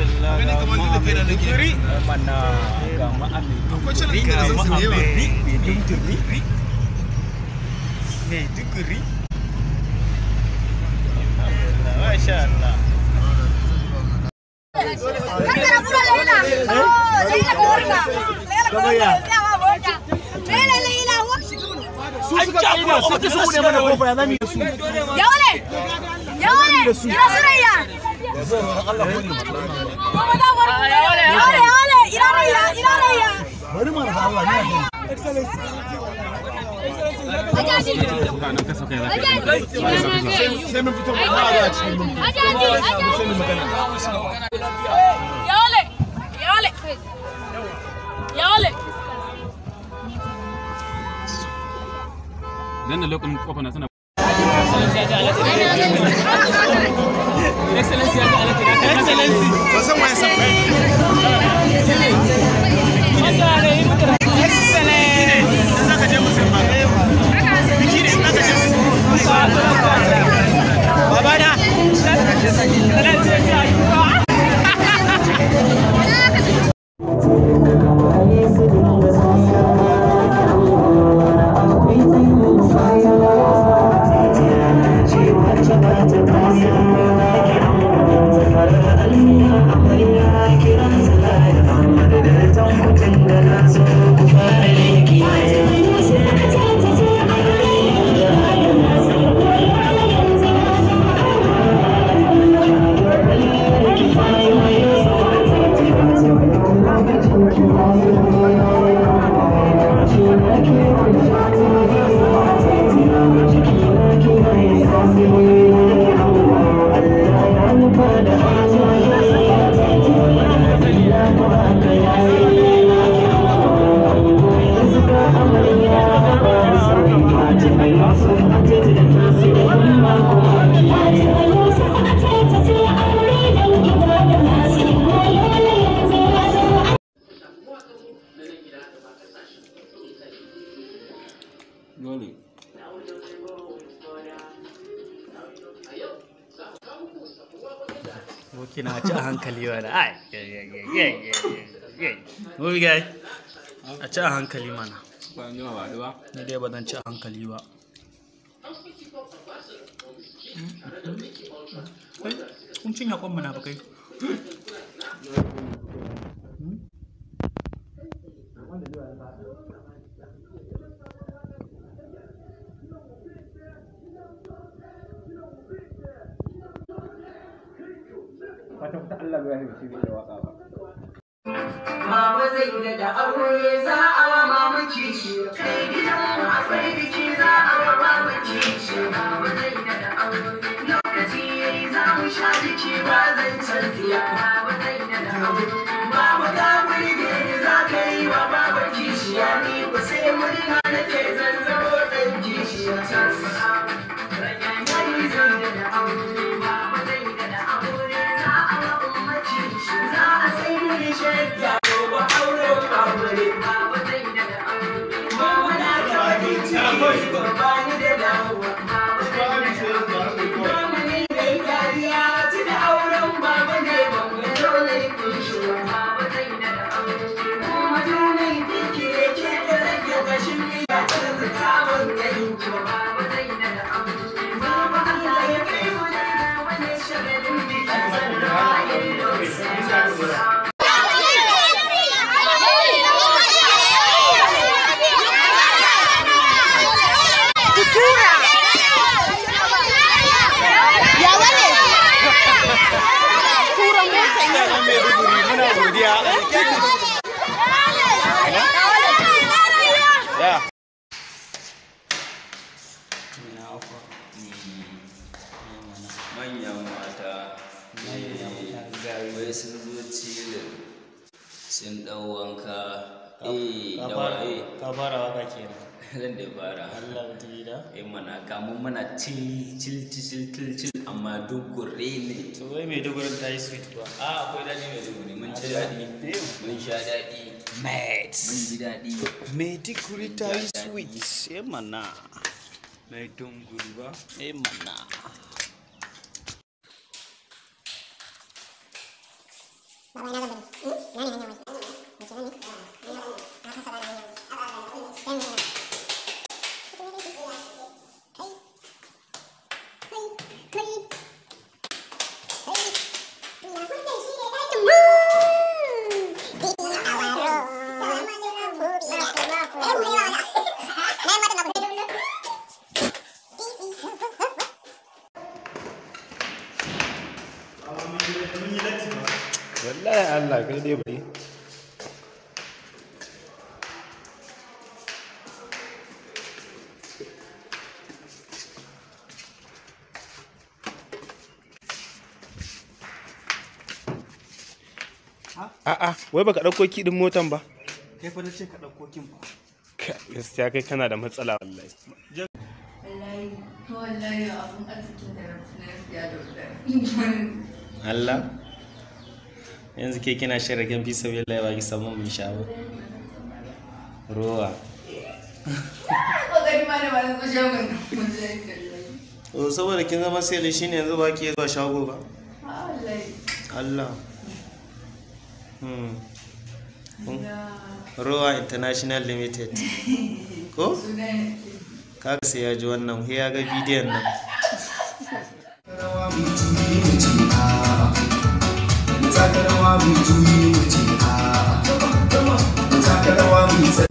digiri Masya Allah su suka mana kofa ya zami da su يا ولد يا سريع يا ولد يا ولد إلى ريا إلى ريا برمى الله أجازي يا ولد يا ولد يا ولد لأن لو كنت أنا fe! ¡Excelencia! kiran su laye amma da dare tan kutun da dole Woki na ci a hankali wani ai Woki gai a ci a hankali mana Ni dai ba zan ci a hankali ba kun cinya kwan munafukai kwata-kwata Allah ya yi waka ba mama zai da aure za a wa ci shi. kai gidan akwai biki za a wa mama kishi mama zai da aure gonna right it. godiya manyan mata eh, sun dau wanka eh da wa'ai eh. ka fara halin da ya fara Allah wata gida eh mana kamun mana amma dogore ne to wai mai dogoren ta yi sweet ba a akwai mai dogore mun ci mun sha mate mun ji mai dogore ta yi sweet eh mana mai dogore ba eh mana Allah dai bari A'a, wai baka ɗauko kiɗin motan ba? Kai fa na ka dauko kin ba. Gaskiya kai kana da matsala wallahi. Wallahi, wallahi abun da na da wallahi. Allah? yanzu ke kina shan kan fi sabi lai ba ki samu mun sha ba rowa o saboda kin zama sai da shine yanzu ba ki zuwa shago ba Allah hmm. rowa international limited ko Kaka sai ya ji wannan ya ga bidiyon nan taka rawa mai juyi mace a taka rawa mai